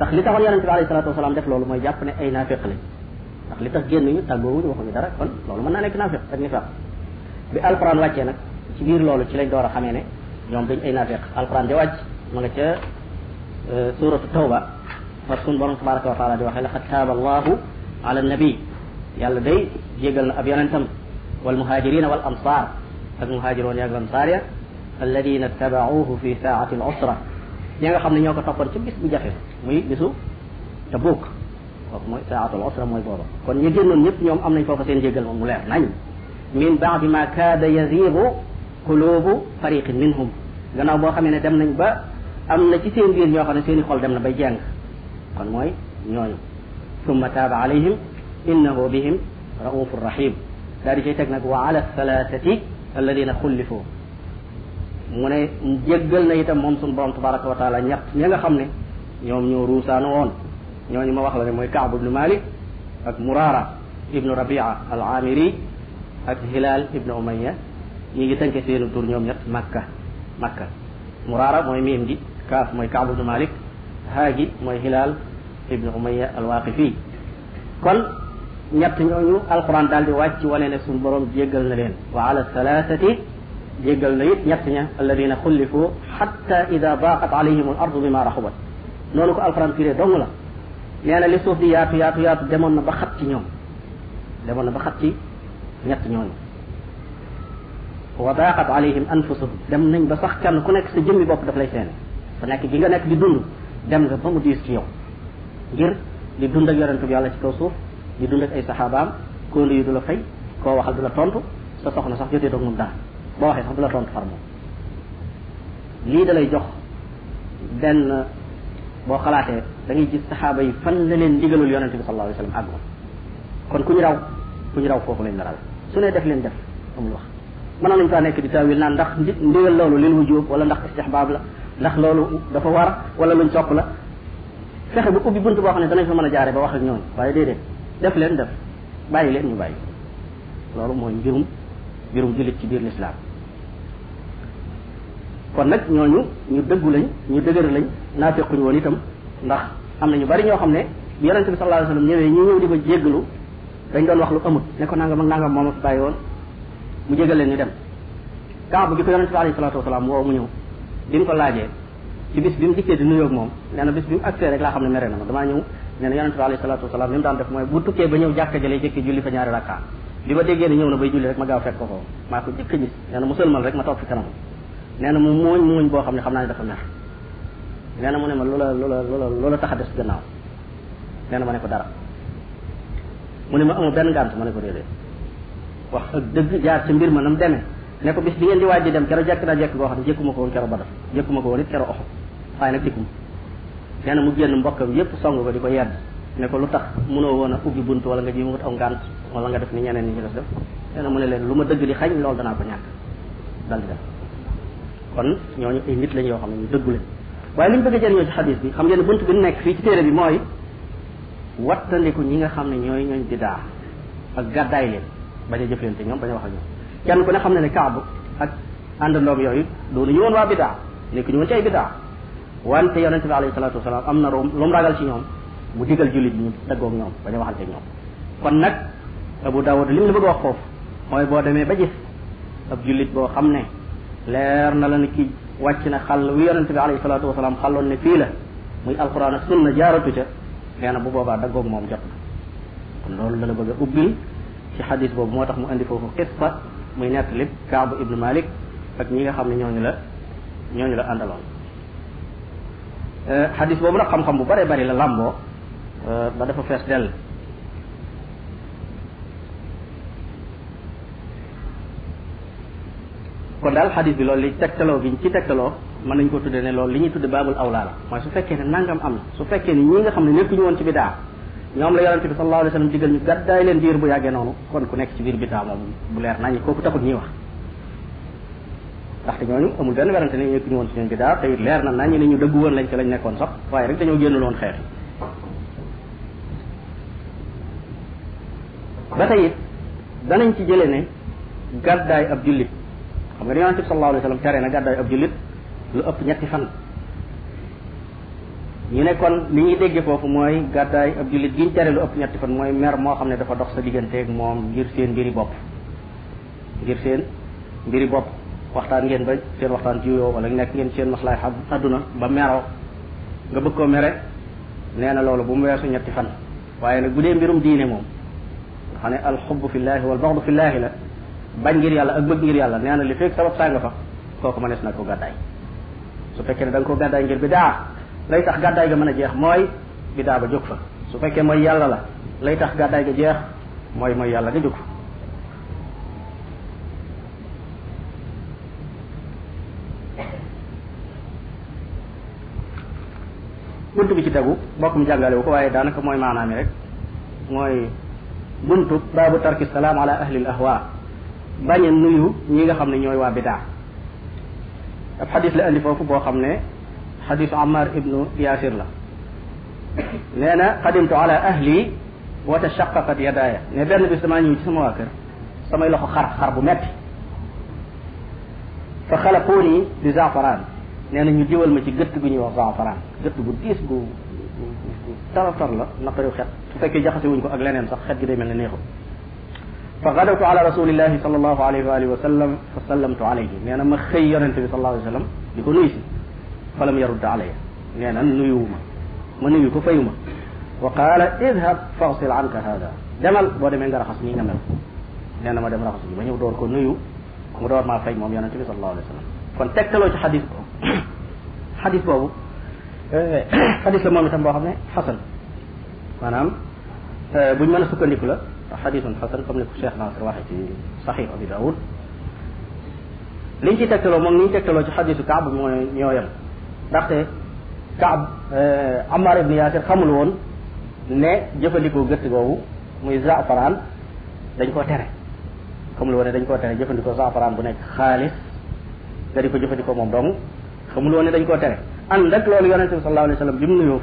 ndax li taxoon yonente bi alayhi salatu wasalaam def loolu mooy jàpp ne ay nafiq lañ ndax li tax ñu génnuñu tàggoowuñu waxuñu dara kon loolu mën naa nekk nafiq ak nifaq bi alquran wàccee nag ci biir loolu ci lañ door a xamee ne ñoom dañ ay nafiq alquran di wàcc ma nga ca suratu tawba fa sun borom tabaraka wa taala di waxee laqad taaba allahu ala nabi yàlla day jégal na ab yonentam wal muhajirina wal ansar ak muhajiroon yaag lansaar ya alladina tabacuuhu fi saati al usra ña nga xam ne ñoo ko toppoon ci bis bu jafe muy bisu te buuk kooku mooy saatul osra mooy booba kon ñu génnoon ñëpp ñoom am nañ foofa seen jégal moom mu leer nañ min baadi ma kaada yaziigu qulubu fariqin minhum gannaaw boo xamee ne dem nañ ba am na ci seen biir ñoo xam ne seen i xol dem na bay jeng kon mooy ñooñu summa taaba alayhim innahu bihim raufu rahim daal di cay teg nag wa ala thalathati alladina xullifu mu ne jéggal na itam moom suñu borom tabaraka wa taala ñett ña nga xam ne ñoom ñoo ruusaana woon ñooñu ma wax la ne mooy kaab ibnu malik ak murara ibnu rabia al amiri ak hilal ibnu umayya ñi ngi tënke seenu tur ñoom ñett makka makka murara mooy miim gi kaaf mooy kaab ibnu malik haa gi mooy hilal ibnu umayya al waqifi kon ñett ñooñu alquran daal di wàcc wane ne suñu borom jéggal na leen wa ala thalathati جيجل ليت نيتنيا الذين خلفوا حتى إذا ضاقت عليهم الأرض بما رحبت نولوك الفران تيري دونغلا نيانا لسوف دي ياتو ياتو ياتو ديمون نبخط تي نيوم ديمون نبخط تي نيت نيوم وضاقت عليهم أنفسهم ديم نين بسخ كان كونك سجمي بوك دفلي سين فناكي جيجا ناك دي دونو ديم غبام ديس كيو جير دي دوندا يورن تبي الله سكو سوف دي دوندا أي صحابام كون دي دولا فاي كو واخد دولا تونتو سا سوخنا سخ يوتي دونغم دانو boo waxee sax du la tontu far moom lii da lay jox benn boo xalaatee da ngay gis saxaaba yi fan la leen digalul yonente bi sallallahu alayhi wa sallam àggoon kon ku ñu raw ku ñu raw foofu lañ la rawe su ne def leen def amul wax mënoon nañ faa nekk di tawil naan ndax ndi ndigal loolu lil wujub wala ndax istihbab la ndax loolu dafa war wala luñ sopp la fexe ba ubbi bunt boo xam ne danañ fa mën a jaare ba wax ak ñooñu waaye déedéet def leen def bàyyi leen ñu bàyyi loolu mooy mbirum mbirum jullit ci biir lislaam kon nag ñooñu ñu dëggu lañ ñu dëgër lañ naafequñ woon itam ndax am na ñu bari ñoo xam ne bi yonent bi sallallahu alayhi wasallam ñëwee ko jéggalu dañ doon wax lu amut ne ko nangam moom a fi bàyyi woon mu jégal leen ñu dem Kaab bi ko yonent bi alayhi salaatu wasalaam woo mu ñëw bi mu ko laajee ci bis rek laa xam ne mere na ma damaa ñëw nee na bi alayhi salaatu wasalaam li mu daan def mooy bu tukkee ba ñëw jàkka jëlee jëkki julli fa ñaari rakka bi ma déggee ne ñëw na bay julli rek ma gaaw fekk ko foofu maa ko jëkk gis nee na musulman ma toog fi nee na mu mooñ mooñ boo xam ne xam naa ne dafa mer nee na mu ne ma loola loola loola loola tax a des gannaaw nee na ma ne ko dara mu ne ma amul benn ngànt ma ne ko déedéet wax ak dëgg jaar ci mbir ma nam demee ne ko bis bi ngeen di waaj di dem kero jekk naa jekk goo xam ne jékkuma ko woon kero badal jekkuma ko woon it kero oxo waaye nag dikkuma nee na mu génn mbokkam yépp song ko di ko yedd ne ko lu tax mënoo woon a ubbi bunt wala nga ji mu aw ngànt wala nga def ni ñeneen ñi def def nee na mu ne leen lu ma dëgg di xañ loolu danaa ko ñàkk dal di def kon ñooñu ay nit lañ yoo xam ne ñu dëggu lañ waaye li ñu bëgg a jëriñoo ci xadis bi xam ngeen ne bunt bi nekk fii ci téere bi mooy wattandiku ñi nga xam ne ñooy ñooñ bidaa ak gàddaay leen bañ a jëflante ñoom bañ wax ak ñoom kenn ku ne xam ne ne kaab ak àndandoom yooyu doonu ñu woon waa bidaa nekk ñu woon ci ay bidaa wante yonente bi alayhi salatu wasalaam am na lu mu ragal ci ñoom mu digal jullit ñu daggoog ñoom bañ a waxante ñoom kon nag Abu Dawud li bëgg a wax foofu mooy boo demee ba gis ab jullit boo xam ne leer na la ne kii wàcc na xal wi yonente bi alayhi salaatu wasalaam xàlloon ne fii la muy alquran ak sunna jaaratu ca nee na bu boobaa daggoog moom jot na loolu la la bëgg a ubbil ci xadis boobu moo tax mu andi foofu xispa muy nettali Kaab ibnu Malik ak ñi nga xam ne ñooñu la ñooñu la àndaloon euh, xadis boobu nag xam-xam bu bare bari la làmboo euh, ba dafa fees dell kon dal hadith bi loolu li tegtaloo giñ ci tegtaloo mën nañ ko tuddee ne loolu li ñuy tudde babul awlaa la mooy su fekkee ne nangam am su fekkee ne ñi nga xam ne nekkuñu woon ci bidaa ñoom la yonente bi sallallahu alayhi wasallam digal ñu gaddaay leen diir bu yàggee noonu kon ku nekk ci biir bidaa moom bu leer nañ kooku taxul ñuy wax ndaxte ñooñu amul benn werante ne ñu woon ci ñoom bidaa te it leer na nañ ne ñu dëgg woon lañ ci lañ nekkoon sax waaye rek dañoo génn loon xeex ba tey it danañ ci jëlee ne gaddaay ab jullit xam nga yonent bi sallallahu alayhi wa sallam na gàddaay ab jullit lu ëpp ñetti fan ñu ne kon li ñuy foofu mooy gàddaay ab jullit gi ñu tere lu ëpp ñetti fan mooy mer moo xam ne dafa dox sa digganteeg moom ngir seen mbiri bopp ngir seen mbiri bopp waxtaan ngeen ba seen waxtaan jiwoo wala nekk ngeen seen maslaay àdduna ba meroo nga bëgg koo mere nee na loolu bu mu weesu ñetti fan waaye nag bu dee mbirum diine moom nga xam ne alxubb fi llaahi wal baxdu la bañ ngir yàlla ak bëgg ngir yàlla nee na li fekk sabab saa fa kooku mënees na ko gàddaay su fekkee ne da nga ko gàddaay ngir bidaa lay tax gàddaay ga mën a jeex mooy bidaa ba jóg fa su fekkee mooy yàlla la lay tax gàddaay ga jeex mooy mooy yàlla ga jóg fa buntu bi ci tegu bokkum jàngale wu ko waaye daanaka mooy maanaami rek mooy buntu babu tarki salaam ala ahli al ahwa bañ a nuyu ñi nga xam ne ñooy waa bidaa ab xadis la indi foofu boo xam ne xadisu Ammar ibnu Yaasir la nee na qadimtu ala ahli wa tashaqqaqat yadaaya ne benn bi damaa ñëw ci sama waa kër samay loxo xar xar bu fa xalaquuni di zaafaraan nee na ñu diwal ma ci gëtt gu ñuy wax zaafaraan gëtt gu diis gu taratar la naqariw xet su fekkee jaxase wuñ ko ak leneen sax xet gi day mel ne neexu فغدوت على رسول الله صلى الله عليه وآله وسلم فسلمت عليه لأن يعني ما خير أنت صلى الله عليه وسلم يقول نيسي فلم يرد علي لأن يعني النيوم من يوك فيوم وقال اذهب فاصل عنك هذا دمل بعد من قرأ خصني نمل لأن يعني ما دمل خصني من يدور كل نيو مدور ما فيه مميان أنت صلى الله عليه وسلم فانتكتلوا حديث حديث بابو حديث لما متنبوه حسن فنعم أه، بجمان سكن لكله xadisun xasan comme ni ko Cheikh Nasir waxee ci saxiix Abi Daawud liñ ci tegtaloo moom ni ñu tegtaloo ci xadisu Kaab moo ñoo yem ndaxte Kaab Ammaar ibn Yaasir xamul woon ne jëfandikoo gëtt googu muy zaafaraan dañ koo tere xamul woon dañ ko tere jëfandikoo zaafaraan bu nekk xaalis nga ko jëfandikoo moom dong xamul woon ne dañ ko tere ànd ak loolu yonente bi sallallahu alayhi wa sallam bi mu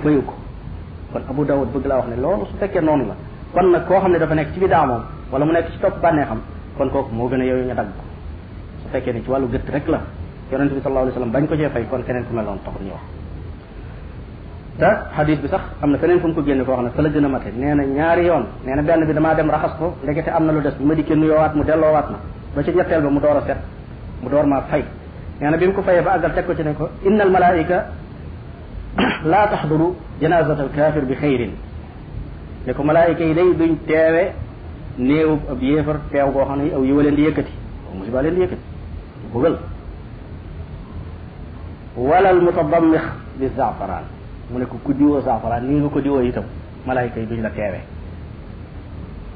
bëgg laa wax ne loolu su fekkee noonu la kon nag koo xam ne dafa nekk ci bidaa moom wala mu nekk ci topp bànneexam kon kooku moo gën a yow nga dagg ko su fekkee ne ci wàllu gëtt rek la yonente bi sallallahu alayhi wasallam bañ ko cee fay kon keneen ku mel noonu taxul ñu wax te hadith bi sax am na feneen fu mu ko génne foo xam ne fa la gën a mate nee na ñaari yoon nee na benn bi damaa dem raxas ko ndekete am na lu des bi ma dikkee nuyoowaat mu delloowaat na ba ci ñetteel ba mu door a set mu door maa fay nee na bi mu ko fayee ba àggal teg ko ci ne ko innal al malaika la taxduru janazata al kafir bi xayrin ne ko malaayika yi day duñ teewe néew ab yéefar teew koo xam ne aw yiwa leen di yëkkati aw musiba leen di yëkkati bugal wala al mutadammix bi zaafaraan mu ne ko ku diwoo zaafaraan nii nga ko diwoo itam malaayika yi duñ la teewe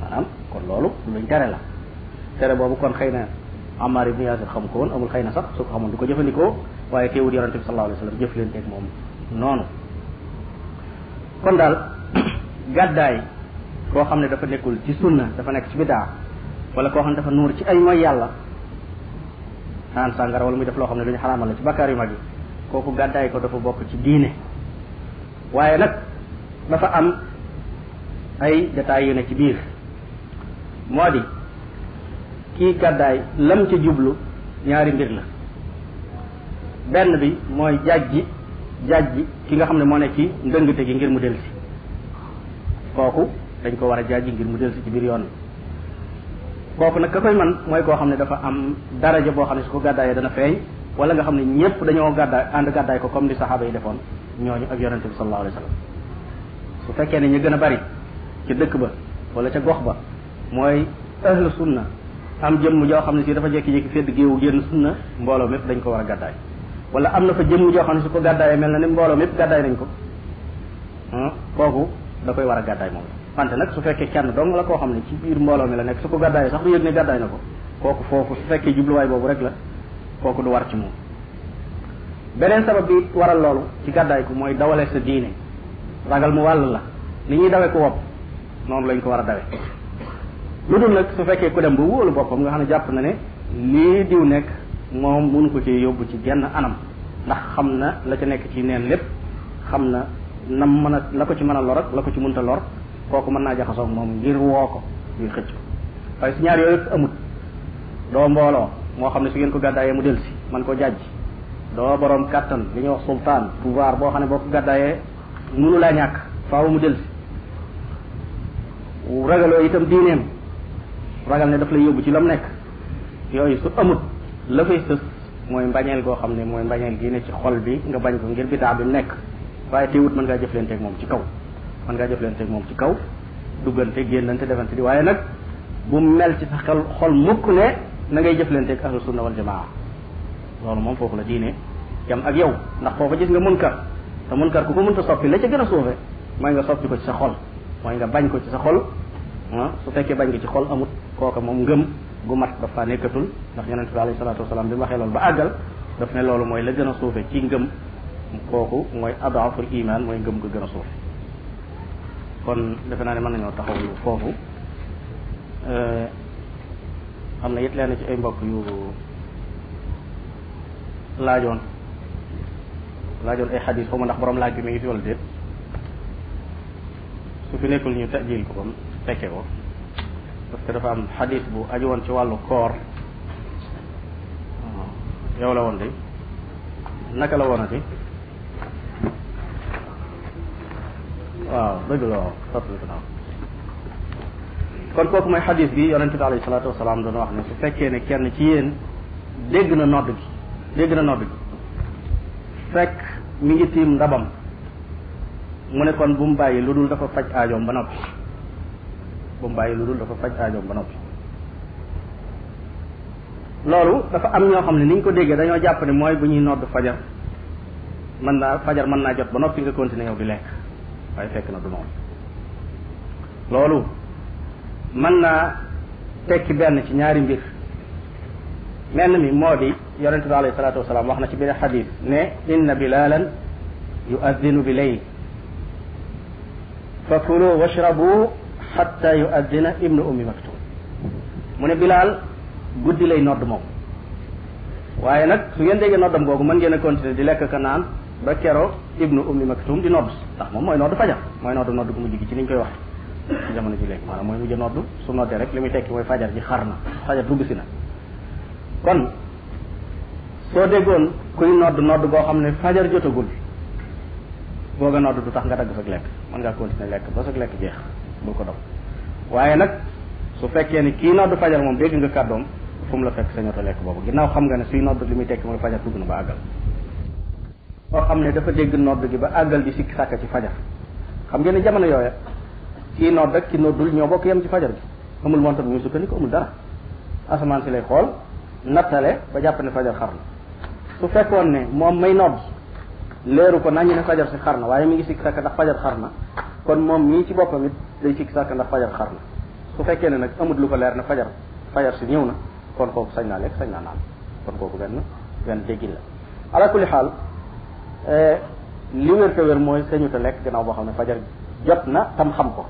maanaam kon loolu luñ tere la tere boobu kon xëy na amar ibn yasir xam ko woon amul xëy na sax su ko xamoon du ko jëfandikoo waaye teewul yonente bi sallallahu alayhi wa sallam jëf leen teeg moom noonu kon daal gàddaay koo xam ne dafa nekkul ci sunna dafa nekk ci bidaa wala koo xam ne dafa nuur ci ay mooy yàlla naan sàngara wala muy def loo xam ne lu ñu xaraamal la ci bakkaar yu mag yi kooku ko dafa bokk ci diine waaye nag dafa am ay détails yu ne ci biir moo di kii gàddaay lam ca jublu ñaari mbir la benn bi mooy jaaj ji jaaj ji ki nga xam ne moo ne ci ndëngte gi ngir mu delsi koku dañ ko wara jaaji ngir mu del ci bir yoon koku nak koy man moy ko xamne dafa am daraja bo xamne su ko gaddaaye dana feeñ wala nga xamne ñepp dañoo gadda and gàddaay ko comme ni sahaba yi defoon ñooñu ak yaronte bi sallallahu alayhi wasallam su fekkee ne ñu gën a bari ci dëkk ba wala ca gox ba mooy ahlu sunna am jëmm joo xam ne si dafa jekki-jekki fedd géewu génn sunna mbooloo mépp dañ ko war a gàddaay wala am na fa jëmm joo xam ne su ko gàddaayee mel na ne mbooloo mépp gàddaay nañ ko hmm, kooku da koy war a gàddaay moom wante nag su fekkee kenn dong la koo xam ne ci biir mbooloo mi la nekk su ko gàddaay sax du yëg ne gàddaay na ko kooku foofu su fekkee jubluwaay boobu rek la kooku du war ci moom beneen sabab bi waral loolu ci gàddaay ko mooy dawale sa diine ragal mu wàll la ni ñuy dawe ko wopp moom lañ ko war a dawe lu dul nag su fekkee ku dem ba wóolu boppam nga xam ne jàpp na ne lii diw nekk moom mënu ko ci yóbbu ci genn anam ndax xam na la ca nekk ci neen lépp na na mën a la ko ci mën a lor la ko ci mënta lor kooku mën naa jaxasoo moom ngir woo ko ngir xëcc ko waaye si ñaar yooyu amut doo mbooloo moo xam ne su ngeen ko gàddaayee mu delsi man ko jàjj doo borom kàttan li ñuy wax sultaan pouvoir boo xam ne boo ko gàddaayee munu laa ñàkk faw mu delsi ragaloo itam diineem ragal ne daf lay yóbbu ci lam nekk yooyu su amut la fay sës mooy mbañeel goo xam ne mooy mbañeel gi ne ci xol bi nga bañ ko ngir bidaa bi mu nekk waaye teewut mën ngaa jëflante ak moom ci kaw mën ngaa jëflante ak moom ci kaw duggante génnante defante di waaye nag bu mel ci sa xel xol mukk ne na ngay jëflante ak ahlu sunna wal jamaa loolu moom foofu la diine yam ak yow ndax foofa gis nga munkar te munkar ku ko mënta soppi la ca gën a suufe mooy nga soppi ko ci sa xol mooy nga bañ ko ci sa xol ah, su fekkee bañ nga ci xol amut kooka moom ngëm gu mat daf faa nekkatul ndax yonente bi alayhi salaatu wasalaam bi mu waxee loolu ba àggal daf ne loolu mooy la gën a suufe ci ngëm kooku mooy adaful iman mooy ngëm ko gën a suuf kon defe naa ne mën nañoo taxaw foofu eh, am na it leen ci ay mbokk yu laajoon laajoon ay xadis xaw ma ndax borom laaj bi mi ngi fi wala déet su fi nekkul ñu tajil ko bam fekke ko parce dafa am xadis bu aju woon ci wàllu koor yow la woon de naka la woonati waaw dëgg la waaw fàttali ko naaw kon kooku mooy xadis bi yonente bi alayhi salaatu wasalaam doon wax ne su fekkee ne kenn ci yéen dégg na nodd gi dégg na nodd gi fekk mi ngi tiim ndabam mu ne kon bu mu bàyyi lu dul dafa faj aajoom ba noppi bu mu bàyyi lu dul dafa faj aajoom ba noppi loolu dafa am ñoo xam ne ni ñu ko déggee dañoo jàpp ne mooy bu ñuy nodd fajar mën naa fajar mën naa jot ba noppi nga continuer yow di lekk waaye na du loolu mën naa tekki benn ci ñaari mbir menn mi moo di yonente bi alayhi salaatu wasalaam wax na ci benn xadis ne inna bilalan yuaddinu bi leyl fa kulu washrabu xatta yuaddina ibnu ummi maktum mu ne bilaal guddi lay nodd moom waaye nag su ngeen déggee noddam googu mën ngeen a di lekk ka naan ba keroog ibnu ummi maktum di nodd ndax moom mooy nodd fajar mooy nodd nodd gu mujj gi ci ni ñu koy wax ci jamono ji léegi maanaam mooy mujj nodd su noddee rek li muy tekki mooy fajar ji xar na fajar dugg si na kon soo déggoon kuy nodd nodd goo xam ne fajar jotagul booga nodd du tax nga dagg sag lekk mën ngaa continuer lekk ba sag lekk jeex bul ko dog waaye nag su fekkee ni kii nodd fajar moom dégg nga kàddoom fu mu la fekk sa ñoto lekk boobu ginnaaw xam nga ne suy nodd li muy tekki mooy fajar dugg koo xam ne dafa dégg nodd gi ba àggal di sikki sàkka ci fajar xam ngeen ne jamono yooya kii nodd ak ki noddul ñoo bokk yem ci fajar gi amul montam ñu sukkandiku amul dara asamaan si lay xool nattale ba jàpp ne fajar xar na su fekkoon ne moom may nodd leeru ko nañu ne fajar si xar na waaye mi ngi sikki sàkka ndax fajar xar na kon moom mii ci boppam it day sikki sàkka ndax fajar xar na su fekkee ne nag amut lu ko leer na fajar fajar si ñëw na kon kooku sañ naa lekk sañ naa naan kon kooku benn benn déggin la ala kulli xaal li wér te wér mooy sañuta lekk gannaaw boo xam ne fajar jot na tam xam ko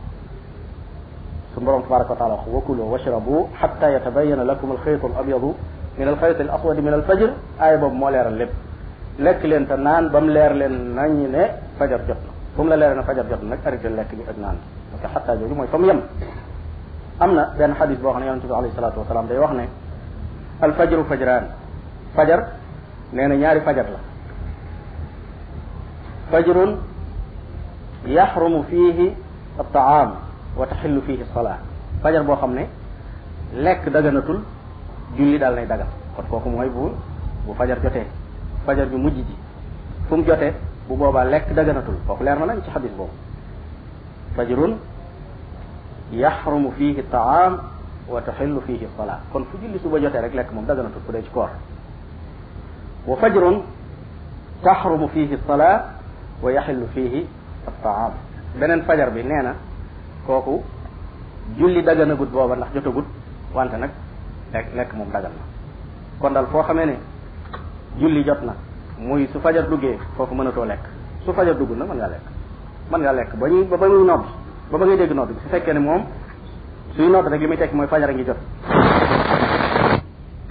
sun borom tabaraka wa taala wax wakuloo washrabu xatta yatabayana lakum alxaytu al abyadu min alxayt al aswad min al fajr aay boobu moo leeral lépp lekk leen te naan ba mu leer leen nañ ne fajar jot na fu mu la leer na fajar jot na nag arrêté lekk bi ak naan parce que xatta jooju mooy fa mu yem am na benn xadis boo xam ne yonente bi alayhi salatu wasalaam day wax ne al fajru fajraan fajar nee na ñaari fajar la فجر يحرم فيه الطعام وتحل فيه الصلاة فجر بو خامني لك دغناتول جولي دال ناي دغال كون كوكو موي بو بو فجر جوتي فجر بي مجي دي فوم جوتي بو بوبا لك دغناتول فوكو لير نانا سي حديث بو فجر يحرم فيه الطعام وتحل فيه الصلاة كون فو جولي سوبا جوتي رك لك موم دغناتول كودي سي كور وفجر تحرم فيه الصلاه wa yaxillu fiihi attaam beneen fajar bi nee na kooku julli daganagut booba ndax jotagut wante nag lekk lekk moom dagan na kon daal foo xamee ne julli jot na muy su fajar duggee foofu mënatoo lekk su fajar dugg na mën ngaa lekk mën ngaa lekk ba ñu ba ba muy nodd ba ba ngay dégg nodd su fekkee ne moom suy nodd rek li muy tekki mooy fajar a ngi jot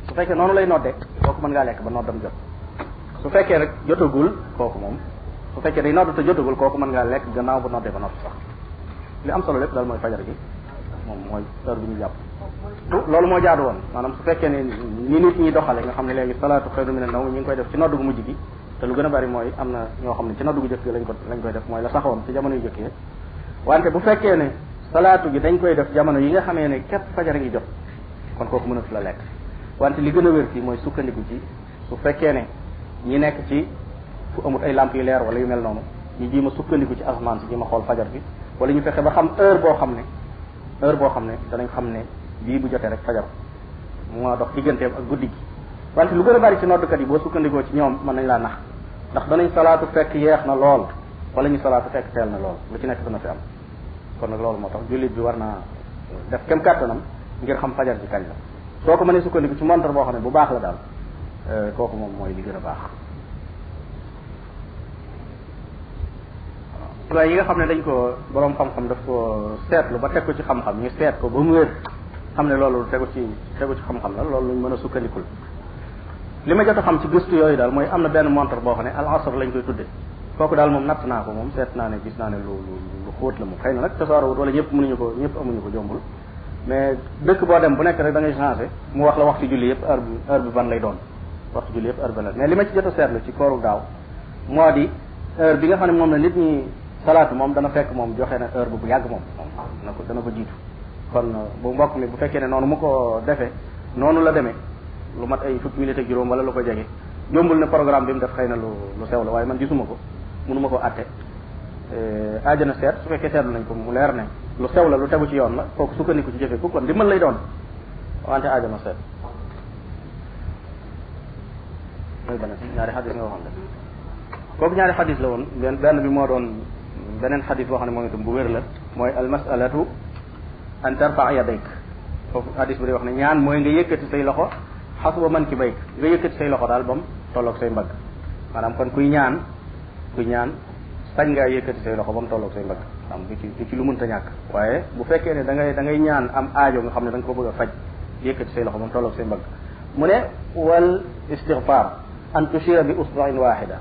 su fekkee noonu lay nodde kooku mën ngaa lekk ba noddam jot su fekkee rek jotagul kooku moom bu fekkee day noddu te jotagul kooku mën ngaa lekk gannaaw ba noddee ba noppi sax li am solo lépp daal mooy fajar gi moom mooy heure bi ñu jàpp loolu moo jaadu woon maanaam su fekkee ne ni nit ñi doxale nga xam ne léegi salaatu xayru mina nawm ñu ngi koy def ci noddu gu mujj gi te lu gën a bari mooy am na ñoo xam ne ci noddu gu jëkk lañ ko lañ koy def mooy la saxoon ci jamono yu jëkkee wante bu fekkee ne salaatu gi dañ koy def jamono yi nga xamee ne képp fajar ngi jot kon kooku mënatu la lekk wante li gën a wér ci mooy sukkandiku ci su fekkee ne ñi nekk ci fu amut ay lamp yu leer wala yu mel noonu ñu ji ma sukkandiku ci asamaan si ji ma xool fajar bi wala ñu fexe ba xam heure boo xam ne heure boo xam ne danañ xam ne bii bu jotee rek fajar moo dox digganteem ak guddi gi wante lu gën a bari ci noddukat yi boo sukkandikoo ci ñoom mën nañ laa nax ndax danañ salaatu fekk yeex na lool wala ñu salaatu fekk teel na lool lu ci nekk dana fi am kon nag loolu moo tax jullit bi war naa def kem kàttanam ngir xam fajar bi kañ la soo ko mënee sukkandiku ci montar boo xam ne bu baax la daal eh, kooku moom mooy li a baax อะไรก็คำในเรื่องก็บรมคำคำเด็กก็เสียดหรืลบแท้กุจะคำคำนี้เสียดก็บุ้งเงินคำในลอลูแท้ก็จะแท้กุจะคำคำนล้วรอลูมันสุขันิคุลเรม่องจะต้องคำชีวิตตัอใหญ่ด้ัลมวยอันนั้นเป็นมันตรบอกเนี่ยอัลอาสรเล่องก็จะเด็ดเพราะก็ดัลมุมนัดนาผมมุมเสียดนาเนี่ยกิสนาเนี่ยลูลูลูโคตรลยมุมใครนั่นก็สารวัตรเลยยิบมุนยุกยิบมุนยุกจอมุลแม้ดึกบ่ได้มเนี่ยกระดังยิ่งหาเสีมัวขลวัตรจุลีบอรบอรบบันเลยโดนวัตรจุลีบอรบบันเลยเนี่ยเรื่องจะต้องเสียดเลยชิคอรุดาวมัวดีเออบิงก์ฮันี่มุมนียนิดนี salaatu moom dana fekk moom joxe na heure bu bu yàgg moom dana ko dana ko jiitu kon uh, bu mbokk bu fekkee ne noonu mu ko defee noonu la demee lu mat ay fukki minute ak juróom wala lu ko jege jombul na programme bi mu def xëy na lu lu sew la waaye man gisuma ko mënuma ko atte eh, aajana seet su fekkee seetlu nañ ko mu leer na lu sew la lu tegu ci yoon la kooku sukkandiku ci jëfee ko kon di mën lay doon wante aajana seet mooy benn ñaari xadis nga waxoon de kooku ñaari xadis la woon benn bi moo doon beneen xadis boo xam ne moom itam bu wér la mooy al masalatu an tarfa yadayk foofu oh, xadis bu day wax ne ñaan mooy nga yëkkati say loxo xaswa man ki bayk nga yëkkati say loxo daal bam tolloog say mbagg maanaam kon kuy ñaan kuy ñaan sañ ngaa yëkkati say loxo bam tolloog say mbagg am du ci du ci lu mënta ñàkk waaye bu fekkee ne da ngay da ngay ñaan am aajo nga xam ne da nga ko bëgg a faj yëkkati say loxo bam tolloog say mbagg mu ne wal istighfar an tushira bi usbain wahida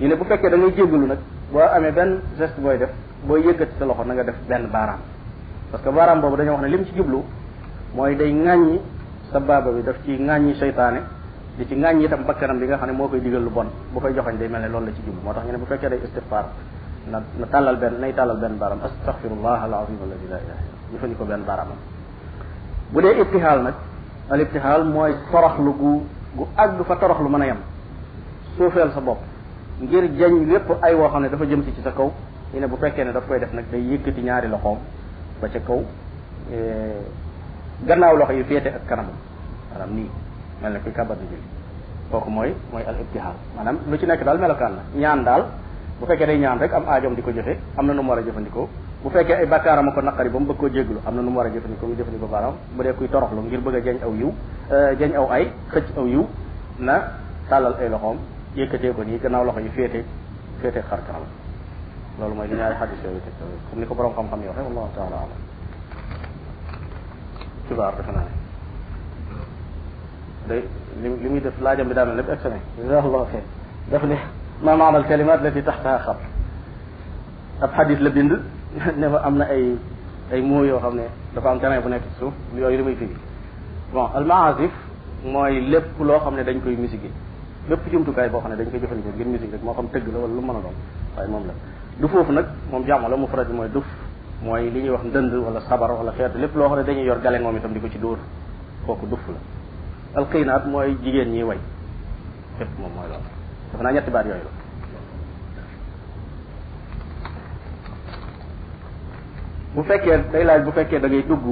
ñu ne bu fekkee da ngay jéggalu nag boo amee benn geste booy def boo yëkkati sa loxo na nga def benn baaraam parce que baaraam boobu dañoo wax ne lim ci jublu mooy day ŋàññi sa baaba bi daf ci ŋàññi seytaane di ci ŋàññi itam bakkanam bi nga xam ne moo koy digal lu bon bu koy joxañ day mel ne loolu la ci jublu moo tax ñu ne bu fekkee day istifaar na na tàllal benn nay tàllal benn baaraam astaghfirullah al azim alladi la ilaha illa hu ko benn baaraamam bu dee ibtihaal nag al ibtihaal mooy toroxlu gu gu àgg fa toroxlu mën a yem suufeel sa bopp ngir jañ lépp ay woo xam ne dafa jëm si ci sa kaw ñu ne bu fekkee ne daf koy def nag day yëkkati ñaari loxoom ba ca kaw eh, gannaaw loxo yi féete ak kanamam maanaam nii mel ne kuy kàbbar di julli kooku mooy mooy al ibtihaal maanaam lu ci nekk daal melokaan la ñaan daal bu fekkee day ñaan rek am aajoom di ko jëfe am na nu mu war a jëfandikoo bu fekkee ay bakkaaram a ko naqari ba mu bëgg koo lu am na nu mu war a jëfandikoo mu jëfandikoo baaraam bu dee kuy toroxlu ngir bëgg a jañ aw yiw eh, jañ aw ay xëcc aw tàllal ay loxoom yëkkatee ko nii gannaaw loxo yi féete féete xar kanam loolu mooy li ñaari xadis yooyu teg comme ni ko borom xam-xam yi waxee wallahu taala alam xibaar defe naa ne day li li muy def laajam bi daanaka lépp examen jazakallahu xeer daf ne ma maana al kalimat lati taxtaha xar ab xadis la bind ne ma am na ay ay moo yoo xam ne dafa am terrain bu nekk ci suuf yooyu li muy firi bon al maasif mooy lépp loo xam ne dañ koy musique lépp jumtukaay boo xam ne dañ koy jëfandikoo ngir musique rek moo xam tëgg la wala lu mën a doon waaye moom la du foofu nag moom jàmm la mu faral mooy duf mooy li ñuy wax ndënd wala sabar wala xeetu lépp loo xam ne dañuy yor gale moom itam di ko ci dóor kooku duf la alxinaat mooy jigéen ñiy way lépp moom mooy loolu dafa naa ñetti baat yooyu la bu fekkee day laaj bu fekkee da ngay dugg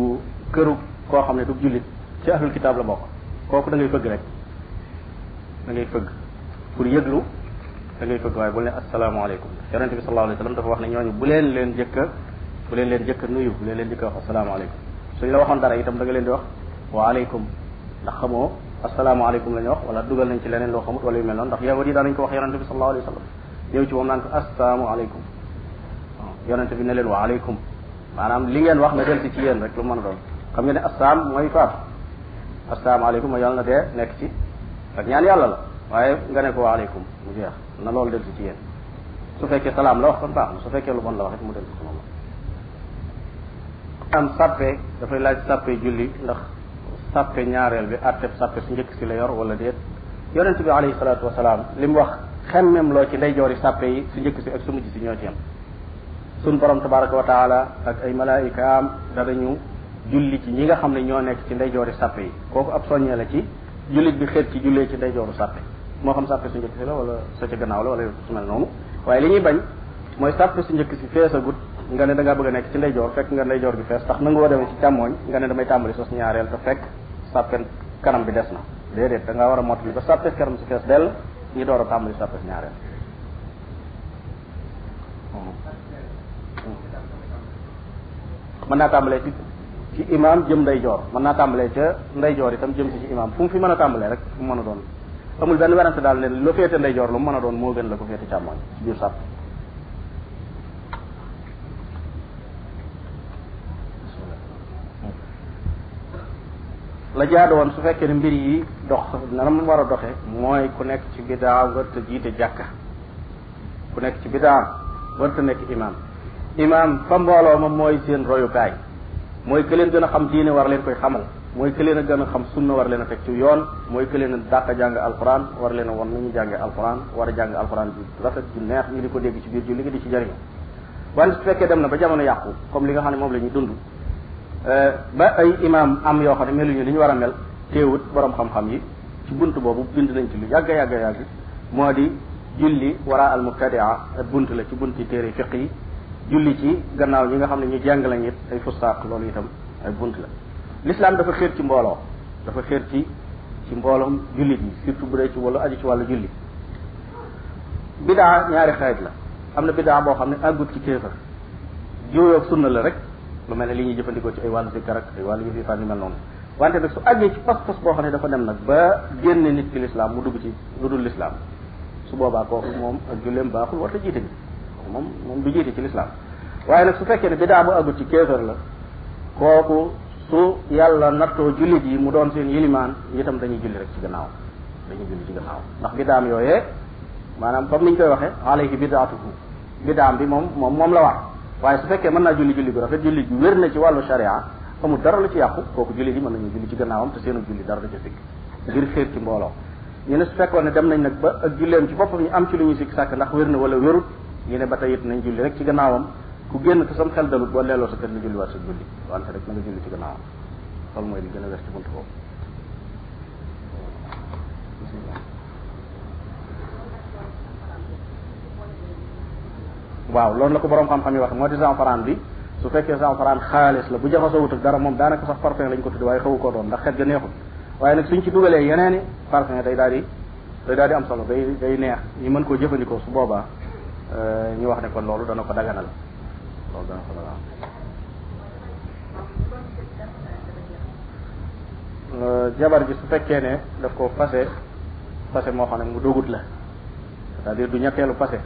këru koo xam ne du jullit ci ahlul kitaab la bokk kooku da bëgg rek da ngay fëgg pour yëglu da ngay fëgg waaye bu leen asalaamaaleykum yonente bi sallallahu alayhi wasallam dafa wax ne ñooñu bu leen leen jëkk bu leen leen jëkk nuyu bu leen leen jëkk wax asalaamaaleykum suñ la waxoon dara itam da nga leen di wax wa aleykum ndax xamoo asalaamaaleykum la ñu wax wala dugal nañ ci leneen loo xamut wala yu mel noonu ndax yow yi daanañ ko wax yonente bi sallallahu alayhi wasallam ñëw ci moom naan ko asalaamaaleykum yonente bi ne leen wa aleykum maanaam li ngeen wax na del ci ci yéen rek lu mën a doon xam nga ne asalaam mooy faatu asalaamaaleykum mooy yàlla na dee nekk ci ak ñaan yàlla la waaye nga ne ko waaleykum mu jeex na loolu dellu ci yéen su fekkee salaam la wax kon baax na su fekkee lu bon la wax it mu dellu ci moom am sàppe dafay laaj sàppe julli ndax sàppe ñaareel bi atteb sàppe su njëkk si la yor wala déet yonente bi alayhi salaatu wasalaam li mu wax xemmem loo ci ndeyjoori sàppe yi su njëkk si ak su mujj si ñoo ci yem sun borom tabaraka wa taala ak ay malaayikaam danañu julli ci ñi nga xam ne ñoo nekk ci ndeyjoori sàppe yi kooku ab soññee la ci julit bi xet ci julee ci day joru sappé mo xam sappé su njëkk si la wala sa ci gannaaw la wala su mel noonu waye li ñuy bañ moy sappé su ci fessa gut nga ne da nga bëgg a nekk ci jor fekk nga lay jor bi fess tax na nga demee ci càmmooñ nga ne damay tambali sos ñaareel ta fekk sappé kanam bi dess na déedéet da nga wara a mottali ba sappé kanam hmm. Hmm. ci fess del ñi dooro tambali sappé sàppe man na tambalé ci ci imaam jëm ndeyjoor mën na tàmbalee ca ndeyjoor itam jëm ci ci imaam fu mu fi mën a tàmbalee rek fu mu mën a doon amul benn werante daal ne lu féete ndeyjoor lu mu mën a doon moo gën la ko féete càmmooñ ci biir la jaadu woon su fekkee ne mbir dox na mu war a doxe mooy ku nekk ci te warta jiite jàkka ku nekk ci bidaa warta nekk imaam imaam fa mbooloo ma mooy seen royukaay mooy que gën a xam diine war leen koy xamal mooy que leen a gën a xam sunna war leen a teg ci yoon mooy que leen a dàq jàng alquran war leen a won nañu jànge alquran war a jàng alquran ju rafet ju neex ñu di ko dégg ci biir julli gi di ci jëriñu wante su fekkee dem na ba jamono yàqu comme li nga xam ne moom la ñuy dund euh, ba ay imam am yoo xam ne meluñu li ñu war a mel teewut borom xam-xam yi ci bunt boobu bind nañ ci lu yàgg yàgg yàgg moo di julli wara al mubtadia bunt la ci bunti téere fiq yi julli ci gannaaw ñi nga xam ne ñu jàng lañ it ay fustaaq loolu itam ay bunt la lislaam dafa xéer ci mbooloo dafa xéer ci ci mbooloom jullit yi surtout bu dee ci wàllu aju ci wàllu julli bidaa ñaari xarit la am na bidaa boo xam ne àggut ci kéefër jiwyoog sunna la rek lu mel ne li ñuy jëfandikoo ci ay wàllu sikkar ak ay wàllu yëf yi fànn yu mel noonu wante nag su àggee ci pas-pas boo xam ne dafa dem nag ba génn nit ki lislaam mu dugg ci lu dul lislaam su boobaa kooku moom ak julleem baaxul war ta moom moom du jiite ci lislaam waaye nag su fekkee ne bidaa bu àggut ci kéefër la kooku su yàlla nattoo jullit yi mu doon seen yilimaan itam dañuy julli rek ci gannaaw dañuy julli ci gannaaw ndax bidaam yooyee maanaam comme niñ koy waxee alayhi bidaatuhu bidaam bi moom moom moom la war waaye su mën naa julli julli gu rafet julli wàllu sharia dara lu ci yàqu kooku jullit yi mën nañu julli ci gannaawam te seenu julli dara du ci sikk ngir xéer ci mbooloo ñu ne su fekkoon ne dem nañ nag ba ak julleem ci boppam ñu am ci lu ñuy sikk sàkk ndax wér na wala wérut ñu ne ba tey it nañ julli rek ci gannaawam ku génn te sam xel dalut boo delloo sa kër nga julliwaat sa julli wante rek na nga julli ci mooy li gën a wér ci buntu boobu waaw loolu la ko borom xam-xam yi wax moo di zanfaraan bi su fekkee zanfaraan xaalis la bu jaxasoowut ak dara moom daanaka sax parfum lañ ko tudd waaye xawu koo doon ndax xet ga neexul waaye nag suñ ci dugalee yeneeni parfum day daal di day daal am solo day day neex ñu mën koo jëfandikoo su boobaa Euh, ñu wax ne kon loolu dana ko daganal loolu dana ko euh, jabar bi su fekkee ne daf ko fase fase moo xam ne mu dogut la cest à du ñetteelu fase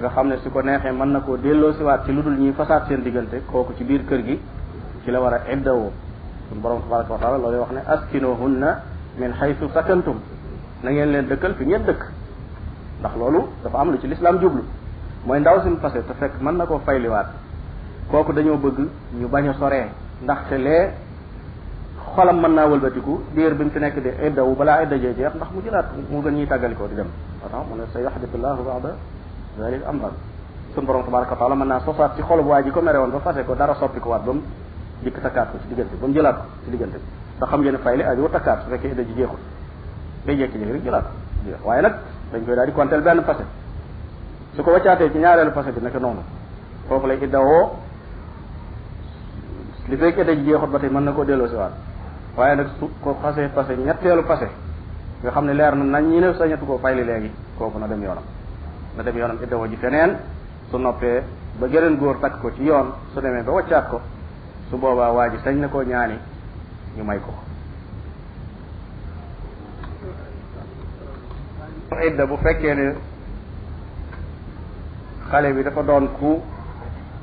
nga xam ne su ko neexee mën na koo delloo siwaat ci lu dul ñuy fasaat seen diggante kooku ci biir kër gi ci la war a iddawoo suñu borom tabaraka wa taala loolu wax ne askinohunna min haythu sakantum na ngeen leen dëkkal fi ngeen dëkk ndax loolu dafa am lu ci lislaam jublu mooy ndaw sim fase te fekk mën na koo fayliwaat kooku dañoo bëgg ñu bañ a soree ndaxte lee xolam mën naa wëlbatiku diir bi mu fi nekk di idda wu balaa idda jee jeex ndax mu jëlaat mu gën ñuy tàggali ko di dem watax mu ne sa yaxditu llahu bada zalika amran suñu borom tabaraka wa taala mën naa sosaat ci xolub waa ji ko mere woon ba fase ko dara soppi ko waat ba mu dikk takkaat ko ci diggante ba mu jëlaat ko ci diggante bi xam ngeen fay li ajo takkaat su fekkee idda ji jeexul day jekki-jékki waaye nag dañ koy daal di konteel benn pase su ko waccaatee ci ñaareelu pase bi ko noonu foofu lay idda woo li fekk idda ji jeexut ba tey mën na koo delloo si waat waaye nag su ko xasee pase ñetteelu pase nga xam ne leer na nañ ñi ne sañatu koo fayli léegi kooku na dem yoonam na dem yoonam idda woo ji feneen su noppee ba geneen góor takk ko ci yoon su demee ba waccaat ko su boobaa waa ji sañ na koo ñaani ñu may ko idda bu fekkee ne xale bi dafa doon ku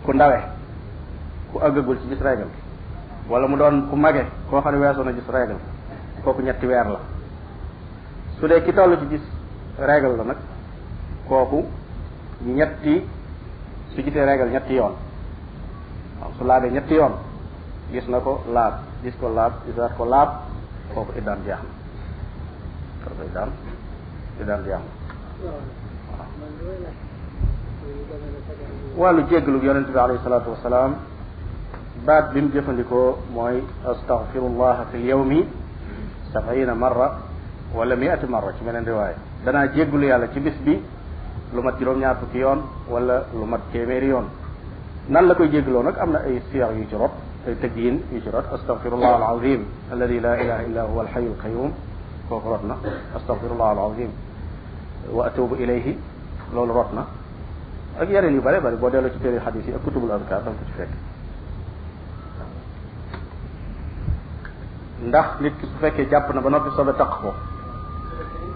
ku ndawe ku àggagul ci gis regal wala mu doon ku mage koo xam ne weesoo na gis regal kooku ñetti weer la su dee ki toll ci gis regal la nag kooku ñetti su gisee regal ñetti yoon waaw su laabee ñetti yoon gis na ko laab gis ko laab gisaat ko laab kooku iddaan jeex na kooku iddaan إلى القيامة wàllu jéggalu yonente bi alayhi salatu wasalaam baat bi mu jëfandikoo mooy astaghfirullaha fi lyawmi sabaina marra wala miati marra ci beneen riwaaya danaa jéggalu yàlla ci bis bi lu mat juróom-ñaar fukki yoon wala lu mat téeméeri yoon nan la koy jéggaloo nag am na ay siyar yu ci rot ay tëggiin yu ci rot astaghfirullah alazim alladi la ilaha illa huwa alhayu alqayum kooku rot na astaghfirullah alazim wa atubu ilayhi loolu rot na ak yeneen yu bare bari boo delloo ci téere xadis yi ak kutubul azkar danga ko ci fekk ndax nit ki su fekkee jàpp na ba noppi sobe taq ko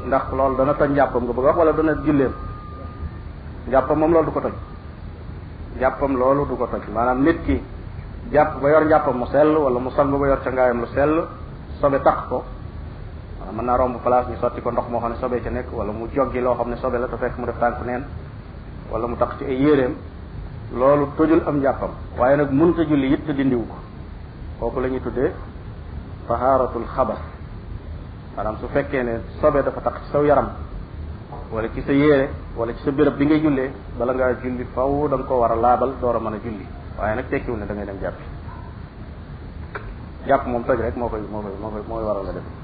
ndax loolu dana toj njàppam nga bëgg wax wala dana julleem njàppam moom loolu du ko toj njàppam loolu du ko toj maanaam nit ki jàpp ba yor njàppam mu sell wala mu sang ba yor ca ngaayam lu sell sobe taq ko mën naa romb place ñu sotti ko ndox moo xam ne sobe ca nekk wala mu joggi loo xam ne sobe la te fekk mu def tànku neen wala mu tax ci ay yéreem loolu tojul am njàppam waaye nag mun mënta julli it te dindiwu ko kooku la ñuy tuddee tahaaratul xabas maanaam su fekkee ne sobe dafa tax ci saw yaram wala ci sa yére wala ci sa béréb bi ngay jullee bala ngaa julli faw da nga ko war a laabal door a mën a julli waaye nag tekkiwul ne da dem jàppi jàpp moom toj rek moo koy moo koy moo koy waral nga def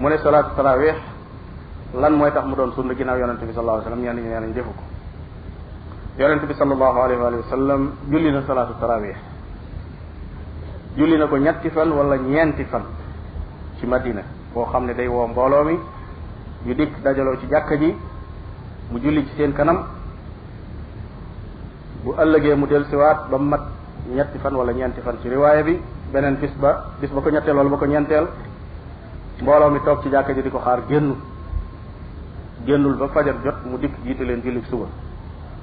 mu ne tarawih lan mooy tax mu doon sunna ginaaw yonente bi sallallahu alayhi wasallam sallam ñenn ñi neenañ defu ko yonente bi sallallahu alayhi wa sallam julli na tarawih julli na ko ñetti fan wala ñeenti fan ci madina boo xam ne day woo mbooloo mi ñu dikk dajaloo ci ji mu julli ci seen kanam bu ëllëgee mu dellusiwaat ba mat ñetti fan wala ñeenti fan ci riwaaya bi beneen bis ba ko wala ba ko mbooloo mi toog ci jàkka ji di ko xaar génn génnul ba fajar jot mu dikk jiite leen julli suba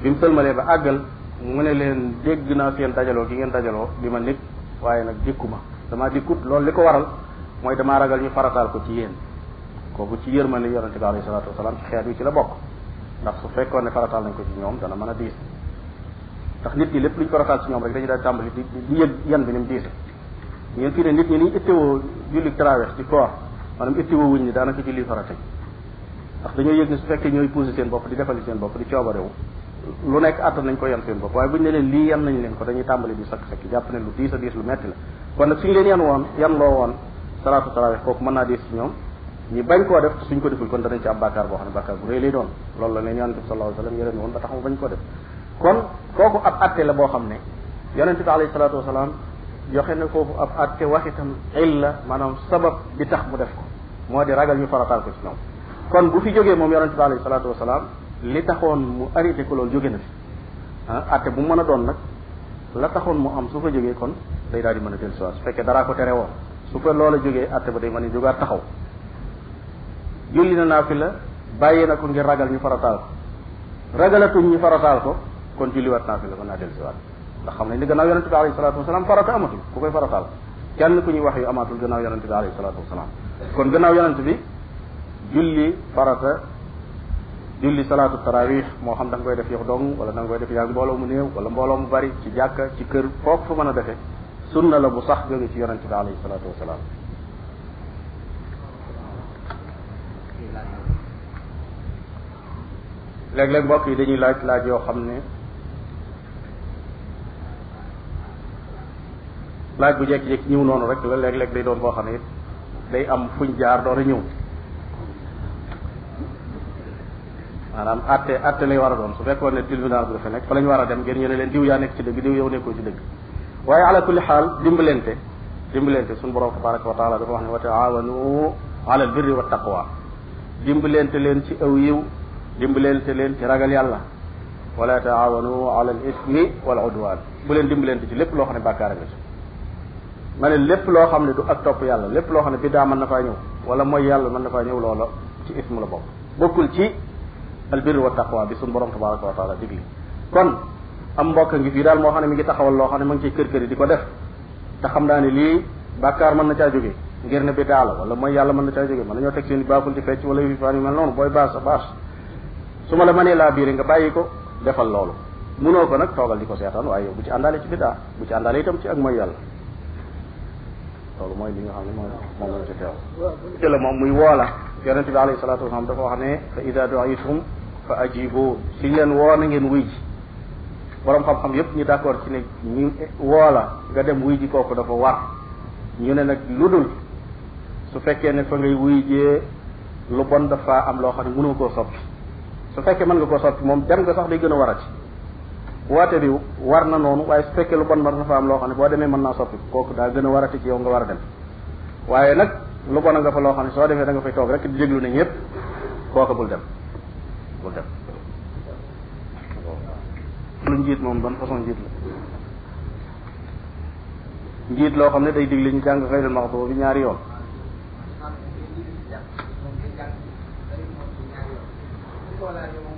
bi mu sëlmalee ba àggal mu ne leen dégg naa seen dajaloo gi ngeen dajaloo bi ma nit waaye nag dikkuma dama dikkut loolu li ko waral mooy dama ragal ñu farataal ko ci yéen kooku ci yërmande yonente bi alayhi salatu wasalaam ci xeet wi ci la bokk ndax su fekkoon ne farataal nañ ko ci ñoom dana mën a diis ndax nit ñi lépp luñ farataal ci ñoom rek dañu daal tàmbali di di yëg yan bi ni mu diise ñeen fii ne nit ñi ni ittewoo julli trawes ci koor maanaam itti woowuñ ni daanaka ci lii farata ndax dañoo yëg ne su fekkee ñooy posé seen bopp di defali seen bopp di coobarewu lu nekk àttan nañ ko yan seen bopp waaye bu ne leen lii yan nañ leen ko dañuy tàmbali di sakk-sakk jàpp ne lu diis a diis lu metti la kon nag suñu leen yan woon yan loo woon salaatu tarawih kooku mën naa diis ci ñoom ñi bañ koo def suñ ko deful kon danañ ci am bàkkaar boo xam ne bàkkaar bu rëy lay doon loolu la ne joxe na foofu ab atte wax itam illa maanaam sabab bi tax mu def ko moo di ragal ñu faratal ko ci ñoom kon bu fi jógee moom yonente bi alayhi salatu wasalaam li taxoon mu arrêté ko loolu jóge na fi ah atte bu mën a doon nag la taxoon mu am su fa jógee kon day daal di mën a dellu su fekkee daraa ko tere woon su fa loola jógee atte ba day mën a jógaat taxaw julli na naa fi la bàyyi na ko ngir ragal ñu farataal ko ragalatuñ ñu farataal ko kon julliwaat naa fi la mën naa dellu si waat ndax xam nañ ne gannaaw yonente bi alayhi salatu wasalaam farata amatul ku koy farataal kenn ku ñuy wax yu amaatul gannaaw yonente bi alayhi salatu wasalaam kon gannaaw yonente bi julli farata julli salaatu tarawih moo xam da nga koy def yow dong wala da nga koy def yaa mbooloo mu néew wala mbooloo mu bari ci jàkka ci kër foofu fu mën a defee sunna la bu sax jóge ci yonente bi alayhi salatu wasalaam léeg-léeg mbokk yi dañuy laaj laaj yoo xam ne laaj bu jékki-jékki ñëw noonu rek la léeg-léeg day doon boo xam ne it day am ñu jaar door a ñëw maanaam atte atte lay war a doon su fekkoon ne tribunal bi dafa nekk fa la war a dem ngeen ñu ne leen diw yaa nekk ci dëgg diw yow nekkoo ci dëgg waaye ala kulli xaal dimbalante dimbalante suñu borom tabaraka wa taala dafa wax ne wa taawanu ala al birri wa taqwa dimbalante leen ci aw yiw dimbalante leen ci ragal yàlla wala taawanu ala al ismi wal udwan bu leen ci lépp loo xam ne mané lépp loo xam ne du ak topp yàlla lépp loo xam ne bidaa mën na faa ñëw wala mooy yàlla mën na faa ñëw loola ci ismu la bopp bokkul ci albir wa taqwa bi sun borom tabaraka wa taala digli kon am mbokk ngi fii daal moo xam ne mi ngi taxawal loo xam ne ngi ci kër kër di ko def te xam naa ne lii bàkkaar mën na caa jóge ngir ne bidaa la wala mooy yàlla mën na caa jóge mën nañoo teg seen baakul ci fecc wala yu faan mel noonu booy baas sa baas su ma la mënee laa biire nga bàyyi ko defal loolu munoo ko nag toogal di ko seetaan waaye bu ci àndaale ci bidaa bu ci àndaale itam ci ak mooy yàlla loolu mooy li nga xam ne moom moom lañ ci teew jëla moom muy woola yonente bi alayhi salatu wasalaam dafa wax ne fa ida duitum fa ajibu si leen woo na ngeen wuy ji borom xam-xam yépp ñu d'accord ci ne ñu woola nga dem wuy ji kooku dafa war ñu ne nag lu dul su fekkee ne fa ngay wuy jee lu bon dafa am loo xam ne mënoo koo soppi su fekkee mën nga koo soppi moom dem nga sax day gën a war a ci woote bi war na noonu waaye su fekkee lu bon mën na fa am loo xam ne boo demee mën naa soppi kooku daa gën a warati ci yow nga war a dem waaye nag lu bon nga fa loo xam ne soo demee da nga fay toog rek di déglu ne ñëpp kooka bul dem bul dem lu njiit moom ban façon njiit la njiit loo xam ne day digle ñu jàng xëy na bi ñaari yoon Thank you.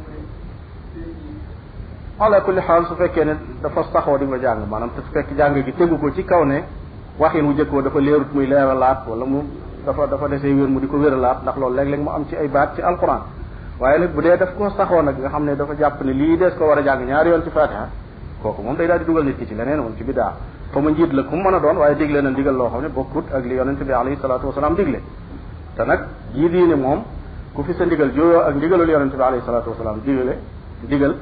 ala kulli xaal su fekkee ne dafa saxoo di nga jàng maanaam te su fekk jàng gi tegu ko ci kaw ne waxin wu jëkkoo dafa leerut muy leeralaat wala mu dafa dafa desee wér mu di ko wéralaat ndax loolu léeg-léeg mu am ci ay baat ci alquran waaye nag bu dee daf koo saxoo nag nga xam ne dafa jàpp ne lii dees ko war a jàng ñaar yoon ci fatiha kooku moom day daal di dugal nit ki ci leneen moom ci bidaa fa mu njiit la ku mu a doon waaye digle na digal moom ku fi sa ndigal jooyoo ak ndigalul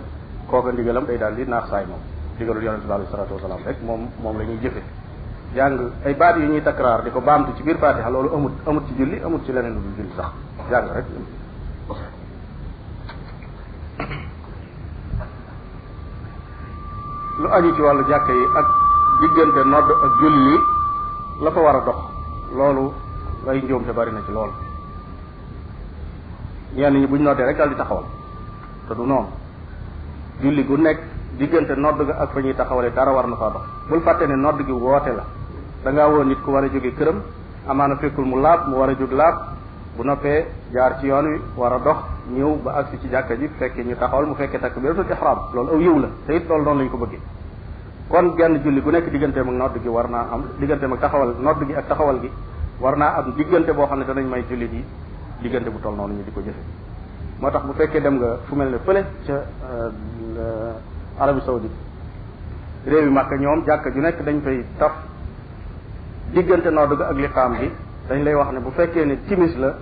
kooka ndigalam day daal di naax saay moom ndigalul yonente bi alayhi salaatu wasalaam rek moom moom la ñuy jëfe jàng ay baat yu ñuy takraar di ko baamtu ci biir fatiha loolu amut amut ci julli amut ci leneen lu dul julli sax jàng rek lu aju ci wàllu jàkk yi ak diggante nodd ak julli la fa war a dox loolu lay njuum te bari na ci lool ñenn ñi buñ noddee rek daal di taxawal te du noonu julli gu nekk diggante nodd ga ak fa ñuy taxawale dara war na fa dox bul fàtte ne nodd gi woote la da ngaa woo nit ku war a jóge këram amaana fekkul mu laab mu war a jóg laab bu noppee jaar ci yoon wi war a dox ñëw ba agsi ci jàkka ji fekke ñu taxawal mu fekkee takk biratul ihram loolu aw yiw la te it loolu noonu lañ ko bëggee kon genn julli gu nekk digganteem ak nodd gi war naa am digganteem ak taxawal nodd gi ak taxawal gi war naa am diggante boo xam ne danañ may julli di diggante bu toll noonu ñu di ko jëfe moo tax bu fekkee dem nga fu mel ne fële ca euh, Eh, Arabie Saoudite réew yi Màkka ñoom jàkka ju nekk dañ fay taf diggante nodd ga ak liqaam bi dañ lay wax ne bu fekkee ne timis la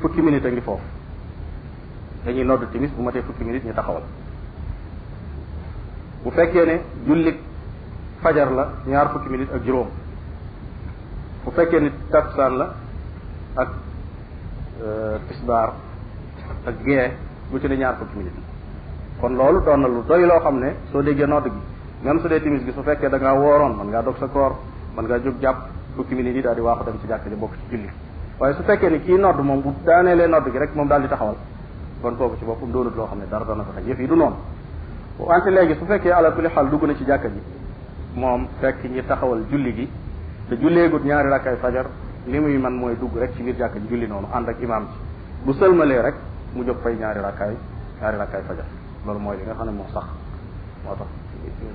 fukki minute a ngi foofu dañuy nodd timis bu matee fukki minute ñu taxawal bu fekkee ne jullit fajar la ñaar fukki minute ak juróom bu fekkee ne takkusaan la ak eh, tisbaar ak gee bu ci ne ñaar fukki minute kon loolu doon na lu doy loo xam ne soo déggee nodd gi même su dee timis bi su fekkee da ngaa wooroon mën ngaa dog sa koor mën ngaa jóg jàpp fukki minutes yi daal di waaxu dem ci jàkk ji bokk ci julli waaye su fekkee ni kii nodd moom bu daaneelee nodd gi rek moom daal di taxawal kon kooku ci boppam doonut loo xam ne dara doona ko tax yëf yi du noonu wante léegi su fekkee ala kulli xaal dugg na ci jàkka ji moom fekk ñi taxawal julli gi te julleegut ñaari rakkaay fajar li muy man mooy dugg rek ci biir jàkka ji julli noonu ànd ak imaam ci bu sëlmalee rek mu jóg fay ñaari rakkaay ñaari rakkaay fajar loolu mooy li nga xam ne moo sax moo tax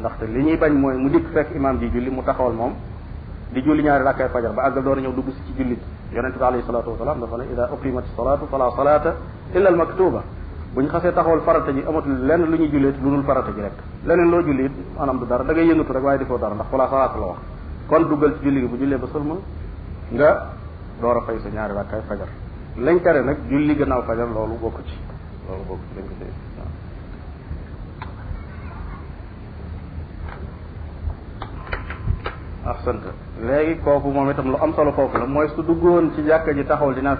ndaxte li ñuy bañ mooy mu dikk fekk imam ji julli mu taxawal moom di julli ñaari rakkay fajar ba àggal door a ñëw dugg si ci julli yonent bi alayhi salatu wasalaam dafa ne ida uqimat salatu fala salata illa al maktuba bu ñu xasee taxawal farata ji amatul lenn lu ñuy jullee lu dul farata ji rek leneen loo julli maanaam du dara da ngay yëngatu rek waaye defoo dara ndax fala salata la wax kon duggal ci julli gi bu jullee ba sëlma nga door a fay sa ñaari rakkay fajar lañ tere nag julli gannaaw fajar loolu bokk ci loolu bokk ci lañ ko ci ahsant léegi kooku moom itam lu am solo foofu la mooy su duggoon ci jàkka ji taxawal di la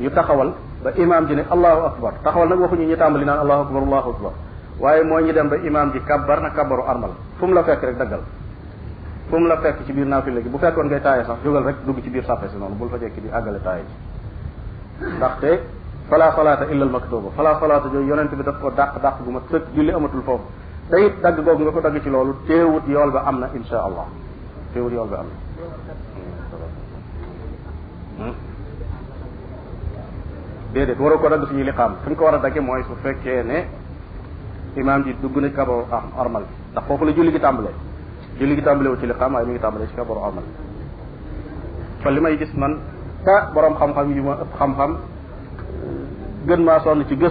ñu taxawal ba imaam ji ne allahu akbar taxawal nag waxuñu ñu tàmbali naan allahu akbar allahu akbar waaye mooy ñu dem ba imaam ji kabbar na kabbaru armal fu mu la fekk rek daggal fu mu la fekk ci biir naafila gi bu fekkoon ngay taaye sax jógal rek dugg ci biir sàppe si noonu bul fa jekki di àggale taaye ji ndaxte fala salaata illa al maktuba fala salaata jooyu yonent bi daf ko dàq dàq gu ma sëkk julli dagg googu nga ko dagg ci loolu teewut yool ba am na insha teewul yoon ba am na déedéet waroo ko dagg suñuy liqaam suñ ko war a dagge mooy su fekkee ne imaam ji dugg na ci kabaru ah, armal ndax foofu la julli e gi tàmbalee julli gi tàmbalee wu ci liqaam waaye mi ngi tàmbalee ci kabaru armal fa li may gis man ta borom xam-xam yi ma ëpp xam-xam gën maa sonn ci gës